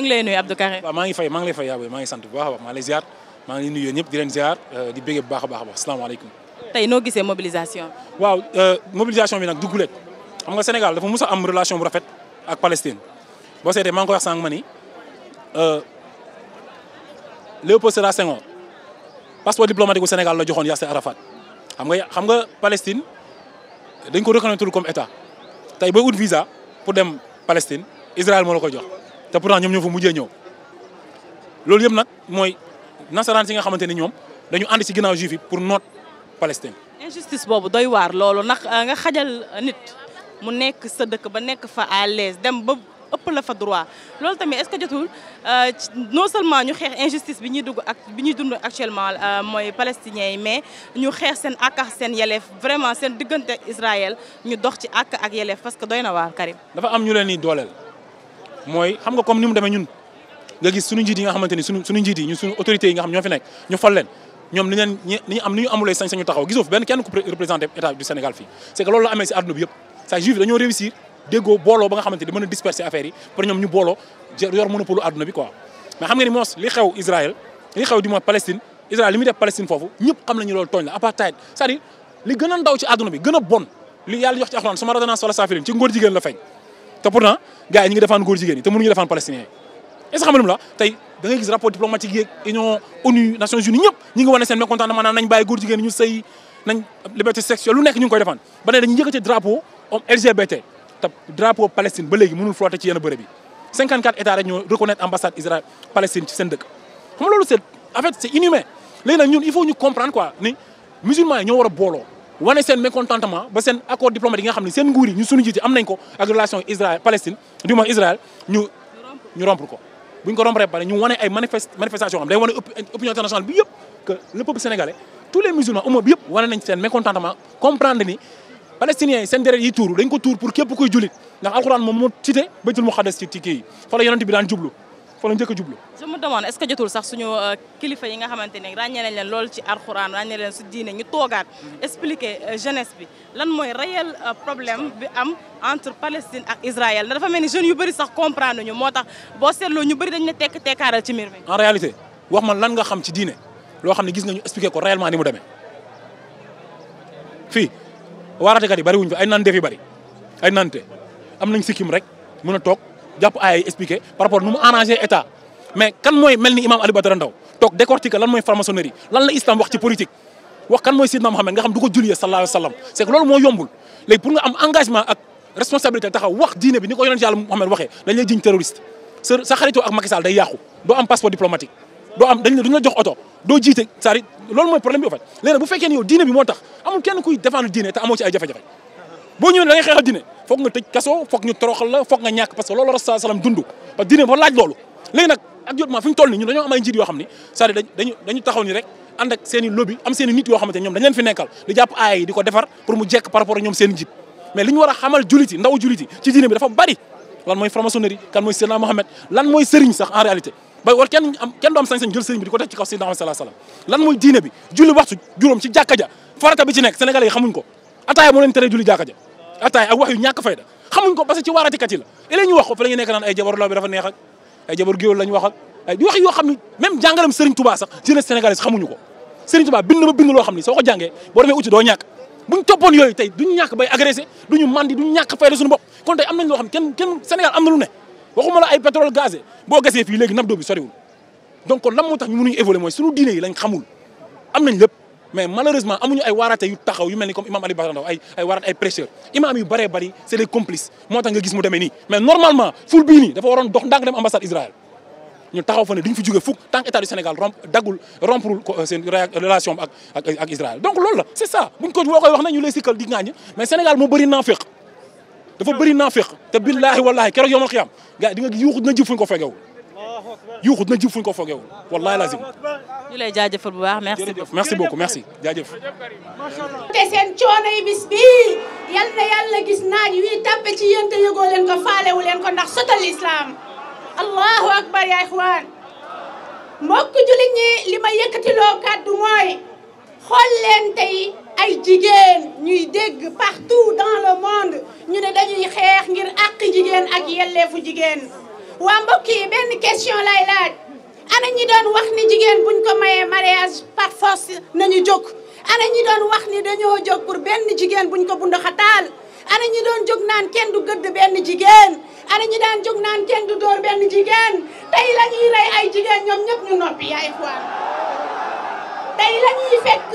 ñu ngi lay nuyu Abdou Karim. maa ngi fay maa ngi lay fay yaa maa ngi sant bu a baax maa ngi lay maa ngi nuyu ñëpp di leen ziar euh, di bége bu baax a baax asalaamaaleykum. tey noo gisee mobilisation. waaw euh, mobilisation bi nag dugguleet xam nga Sénégal dafa mus a am relation bu rafet ak Palestine boo seetee maa ngi koy wax sànq ma ni euh, Léopold Sédar Senghor passeport diplomatique bu Sénégal la joxoon Yasser Arafat xam nga xam nga Palestine dañ ko reconnaître comme état tey booy ut visa pour dem Palestine Israël moo la jox. te pourtant ñoom ñoo fa mujjee ñëw loolu yëpp nag mooy nasaraan si nga xamante ni ñoom dañu ànd si ginaaw juif pour noot Palestine. injustice boobu doy waar loolu nax euh, nga xajal nit mu nekk sa dëkk ba nekk fa à l'aise dem ba ëpp la fa droit loolu tamit est-ce que jotul euh, non seulement ñu xeex injustice bi ñuy dugg ak bi ñuy dund actuellement euh, mooy palestiniens yi mais ñu xeex seen àq ak seen yeleef vraiment seen diggante Israël ñu dox ci àq ak yeleef parce que doy na waar Karim. dafa am ñu leen ni dooleel. mooy xam nga comme ni mu demee ñun nga gis suñu njiit yi nga xamante suñu njiit yi suñu autorités yi nga xam ñoo fi nekk ñu fal ñoom ni ñu am ni sañ taxaw gisoo benn kenn ku représenté du Sénégal fii c'est que loolu la amee si àdduna bi yëpp saa juif dañoo réussir déggoo booloo ba nga xamante a disperser affaire yi pour ñoom ñu booloo yor monopole àdduna moos li xew Israël li xew di mooy Palestine Israël li muy def Palestine foofu ñëpp xam nañu loolu tooñ la apartheid cest à li gën a ndaw ci àdduna bi gën a bon li yàlla jox ci te pourtant gars yi ñu ngi défendre te mënuñu défendre palestinien yi est ce que xam la tey da ngay gis rapport diplomatique yeeg union ONU Nations Unies ñëpp ñi ngi wane seen mécontentement naan nañ bàyyi góor ñu sëy nañ liberté sexuelle lu nekk ñu koy défendre ba ne dañuy yëkkati drapeau homme LGBT te drapeau Palestine ba léegi mënul flotter ci yenn bërëb yi 54 états rek ñoo reconnaître ambassade Israël Palestine ci seen dëkk xam nga loolu c'est en fait c'est inhumain ñu comprendre quoi a booloo wane seen mécontentement ba seen accord diplomatique yi nga xam ne seen nguur yi ñu suñu jiite am nañ ko ak relation Israël Palestine du moins Israël ñu ñu ko bu ñu ko rompre pare ñu wane ay manifestation xam day wane opinion internationale bi yëpp que le peuple sénégalais tous les musulmans umma bi yëpp wane nañ seen mécontentement comprendre ni palestiniens seen deret yi tuuru dañ ko tuur pour képp kuy jullit ndax alxuraan moom moo cité baytul muqaddas fa la njëkk a jublu. je me demande est ce que jotul sax suñu euh, kilifa yi nga xamante ne ràññee nañ leen lool ci alxuraan ràññee leen su diine ñu toogaat. expliquer euh, jeunesse bi lan mooy réel euh, problème bi am entre Palestine ak Israël dafa mel ni jeunes yu bëri sax comprendre ñu moo tax boo seetloo ñu bëri dañ ne tek tekkaaral ci mbir mi. en réalité wax ma lan nga xam ci diine loo xam ne gis nga ñu expliquer ko réellement ni mu demee fii waaraatekat yi bëri wuñ fi ay naan yu bëri ay nante am nañ sikkim rek mën a toog. jàpp ay expliqué par rapport nu mu arrangé état mais kan mooy mel ni imam Aliou Badara Ndao toog décortiquer lan mooy franc-maçonnerie lan la islam wax ci politique wax kan mooy Sidna Mohamed nga xam du ko jullee sallallahu wax diine bi ni ko yonent yàlla Mohamed waxee dañ lay jiñ terroriste sa sa xaritoo ak Macky Sall day yàqu doo am passeport diplomatique doo am dañ duñ la jox oto doo jiite cest loolu mooy problème bi en fekkee ne yow diine bi moo tax amul kenn kuy défendre diine te amoo ay jafe boo ñëwee da ngay xeexal dine foog nga tëj kaso foog ñu toroxal la foog nga ñàkk parce que loolu rasul salaam dund parce que dine ba laaj loolu léegi nag actuellement fi ñu toll nii ñun dañoo am ay njiit yoo xam ni cest à taxaw ni rek ànd ak seen i lobby am seen nit yoo xamante ñoom dañ leen fi nekkal di jàpp aay di ko defar pour mu jekk par rapport ñoom seen njiit mais li war a xamal juliti ndaw juliti ci diine bi dafa bari lan mooy franc-maçonnerie kan mooy Seydina Mohamed lan ko ataaya moo leen tere julli jàkka ja ataaya ak wax yu ñàkk fayda xamuñ ko parce que ci waaratikat yi la et léegi ñu wax ko fa ñu nekk naan ay jabar law bi dafa neex ak ay jabar géwél lañ wax ak ay wax yoo xam ni même jàngalam Serigne Touba sax jeunesse sénégalaise xamuñu ko Serigne Touba bind ba bind loo xam ni soo ko jàngee boo doo ñàkk buñ toppoon yooyu tey duñu ñàkk bay agressé fayda suñu bopp kon tey am nañ loo xam kenn kenn Sénégal am na lu ne waxuma la ay pétrole gazé boo gasee fii léegi nabdoo bi soriwul donc kon lan moo tax ñu mais malheureusement amuñu ay waaraate yu taxaw yu mel ni comme imam Ali Badara Ndao ay ay waaraate ay prêcheurs imam yu bëree bëri c'est des complices moo tax nga gis mu demee nii mais normalement ful bii nii dafa waroon dox ndànk dem ambassade Israël ñu taxaw fa ne duñ fi jóge fukk tant état du Sénégal romp euh, relation ak ak donc loolu c'est ça buñ ko woo koy wax na ñu lay sikkal di ngaañ mais Sénégal moo bëri naafeq dafa bëri naafeq te billaahi wallaahi keroog yuuxu dina jub ko fogeewul wallaahi lazim. ñu lay jaajëfal bu baax merci beaucoup merci beaucoup merci te seen coono yi bis bii yal gis naaj wii tàppe ci yéen te ko faalewu ko ndax sotal islam allahu akbar ya ixwaan mbokk jullit ñi li ma yëkkatiloo kàddu mooy xool leen tey ay jigéen ñuy dégg partout dans le monde ñu ne dañuy xeex ngir àq jigéen ak yelleefu jigéen waa mbokk yi benn question lay laaj ana ñi doon wax ni jigéen buñ ko mayee mariage par force nañu jóg ana ñi doon wax ni dañoo jóg pour benn jigéen buñ ko bundoxataal ana ñi doon jóg naan kenn du gëdd benn jigéen ana ñi daan jóg naan kenn du dóor benn jigéen tey la ñuy rey ay jigéen ñoom ñëpp ñu noppi yaay xwaan tey la fekk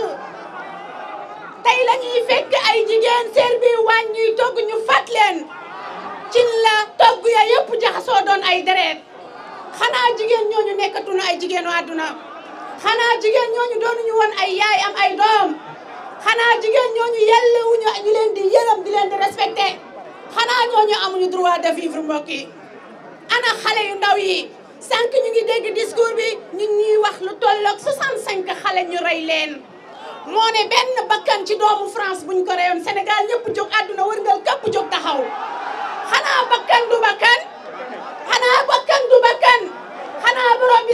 tey la fekk ay jigéen seer bi waañ ñuy ñu fat leen cin la togg ya yëpp jaxasoo doon ay dereet xanaa jigéen ñooñu nekkatuñu ay jigéenu àdduna xanaa jigéen ñooñu doonuñu woon ay yaay am ay doom xanaa jigéen ñooñu yellewuñu ñu leen di yërëm di leen di respecté xanaa ñooñu amuñu droit de vivre mbokk ana xale yu ndaw yi sànq ñu ngi dégg discours bi ñu ñuy wax lu tolloog 65 xale ñu rey leen moo ne benn bakkan ci doomu France buñ ko reyoon Sénégal ñëpp jóg àdduna wërngal képp jóg taxaw xanaa bakkan du bakkan xanaa bakkan du bakkan xanaa borom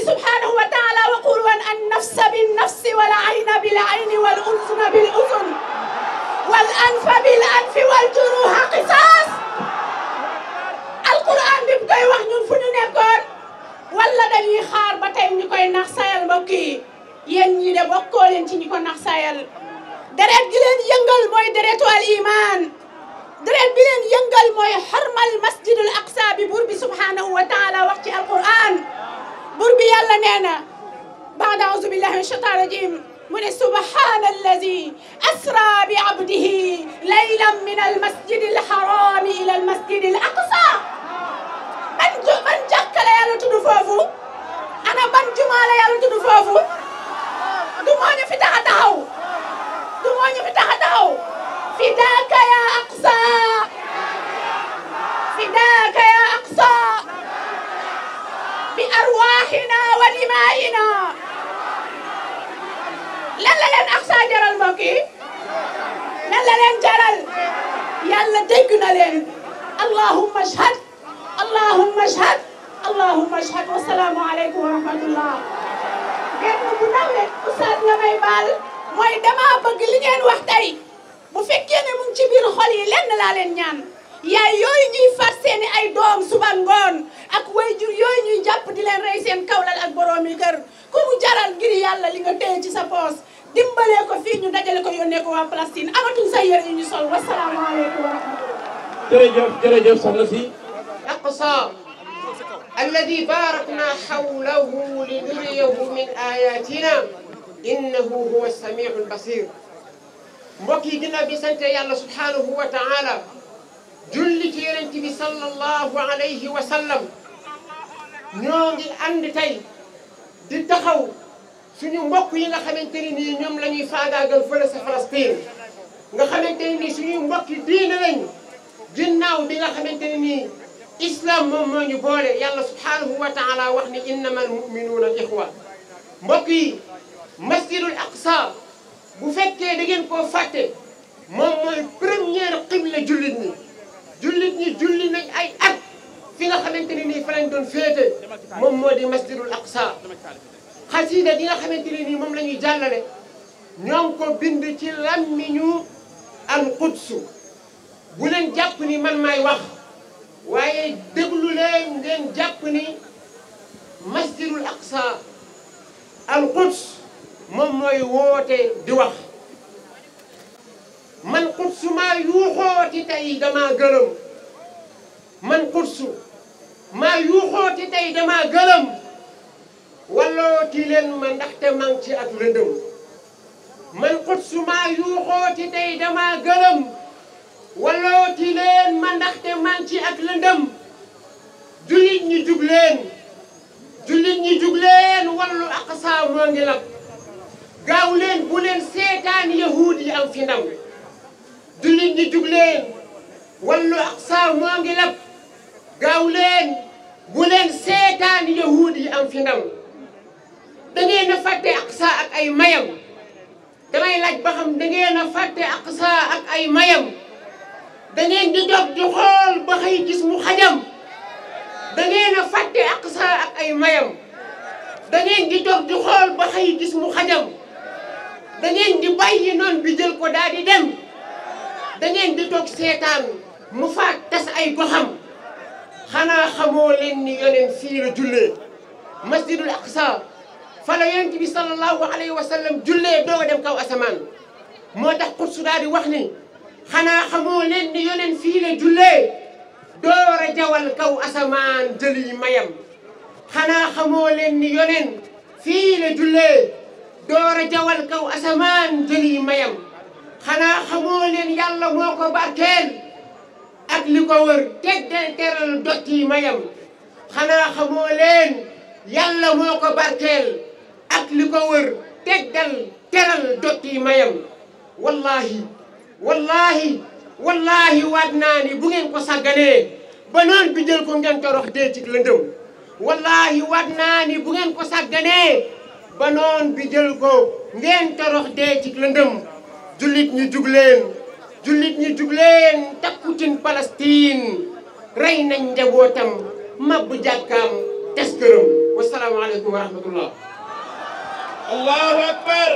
wa taala waqul an nafsa bin nafsi wal ayna bil ayni wal uzna bil uzn wal anfa bil anfi wal juruha qisaas alquran bi mu koy wax ñun fu ñu nekkoon wala dañuy xaar ba tey ñu koy nax sayal mbokk yi de bokkoo ci ñi ko nax deret gi leen yëngal deretu al iman deret bi leen yëngal mooy xormal masjidul aqsa bi buur bi subhanahu wa taala wax ci alquran buur bi yàlla nee na baada auzu billahi min shaitan rajim mu ne subhana allazi asra bi abdihi laylan min almasjidi alharami ila almasjidi al aqsa ban ban jàkka la yàlla tudd foofu ana ban jumaa la yàlla tudd foofu du moo ñu fi tax a taxaw du moo ñu fi tax a taxaw فداك يا أقصى فداك يا أقصى بأرواحنا ودمائنا lan la leen Aqsa jaral mbokk yi lan la leen jaral yàlla dégg na leen allahumma ashhad allahumma ashhad allahumma ashhad wa salaamu aleykum wa rahmatullah genn bu ndaw leen oustaz nga may baal mooy dama bëgg li ngeen wax tey bu fekkee ne mu ci biir xol yi lenn laa leen ñaan yaay yooyu ñuy far seeni ay doom suba ngoon ak wayjur yooyu ñuy jàpp di leen rey seen kawlal ak boroomi kër ku mu jaral ngir yàlla li nga téye ci sa poos dimbalee ko fii ñu dajale ko yónnee ko waa Palestine amatuñ sa yére yu ñu sol wasalaamaaleykum wa rahmatullah jërëjëf jërëjëf soxna si aqsa alladi barakna xawlahu li nuriyahu min ayatina innahu huwa samiu albasir mbokk yi ginnaaw bi sante yàlla subhanahu wa ta'ala julli ci yonent bi sallallahu alayhi wa sallam ñoo ngi ànd tey di taxaw suñu mbokk yi la xamante ni nii ñoom la ñuy faagaagal fële sa Palestine nga xamante ni nii suñuy mbokk yi diine lañu ginnaaw bi nga xamante ni nii islam moom moo ñu boole yàlla subhanahu wa ta'ala wax ni innamal mu'minuuna al ixwa mbokk yi bu fekkee da ngeen koo fàtte moom mooy première xibla jullit ñi jullit ñi julli nañ ay at fi nga xamante ne nii fa lañ doon féete moom moo di masjidul aqsa xasida di nga xamante ne nii moom la ñuy jàllale ñoo ngi ko bind ci làmmiñu al qudsu bu leen jàpp ni man maay wax waaye déglu leen ngeen jàpp ni masjidul aqsa al quds moom mooy woote di wax man xursu maa yuuxooti tey dama gërëm man xursu maa yuuxooti tey dama gërëm wallooti leen ma ndaxte man ci ak lëndëm man xursu maa yuuxooti tey dama gërëm wallooti leen ma ndaxte man ci ak lëndëm jullit ñi jug leen jullit ñi jug wallu aqsa moo ngi lakk gaaw leen bu leen seetaan yahuud yi am fi ndaw jullit ñi jug leen wàllu aqsa moo ngi lab gaaw leen bu leen seetaan yahuud yi am fi ndaw da ngeen a fàtte ak ay ak ay mayam da ngeen di dog ba xëy gis mu xajam da ngeen a fàtte aqsa ak ay mayam da ngeen di dog ba xëy gis mu xajam da ngeen di bàyyi noonu ko daal di dem da ngeen di toog mu faat tas ay goxam xanaa xamoo leen ni yoneen fii la jullee masjidul aqsa fa la yonent sallallahu alayhi wa sallam jullee doo a dem kaw asamaan moo tax xutsu daal wax ni xanaa xamoo leen ni fii la jullee door a jawal kaw asamaan jëli mayam xanaa xamoo leen ni fii la jullee door a jawal kaw asamaan jëli mayam xanaa xamoo leen yàlla moo ko barkeel ak li ko wër teg de teral dot yi mayam xanaa xamoo leen yàlla moo ko barkeel ak li ko wër teg dal teral dot yi mayam wallahi wallahi naa ni bu ngeen ko sàgganee ba noon bi jël ko ngeen torox dee ci lëndëm wallahi waat ni bu ngeen ko sàgganee ba noon bi jël ko ngeen torox dee ci lëndëm jullit ñi jug leen jullit ñi jug leen takku ci Palestine rey nañ njabootam mabbu jàkkaam tes këram wasalaamaaleykum wa rahmatullah allahu akbar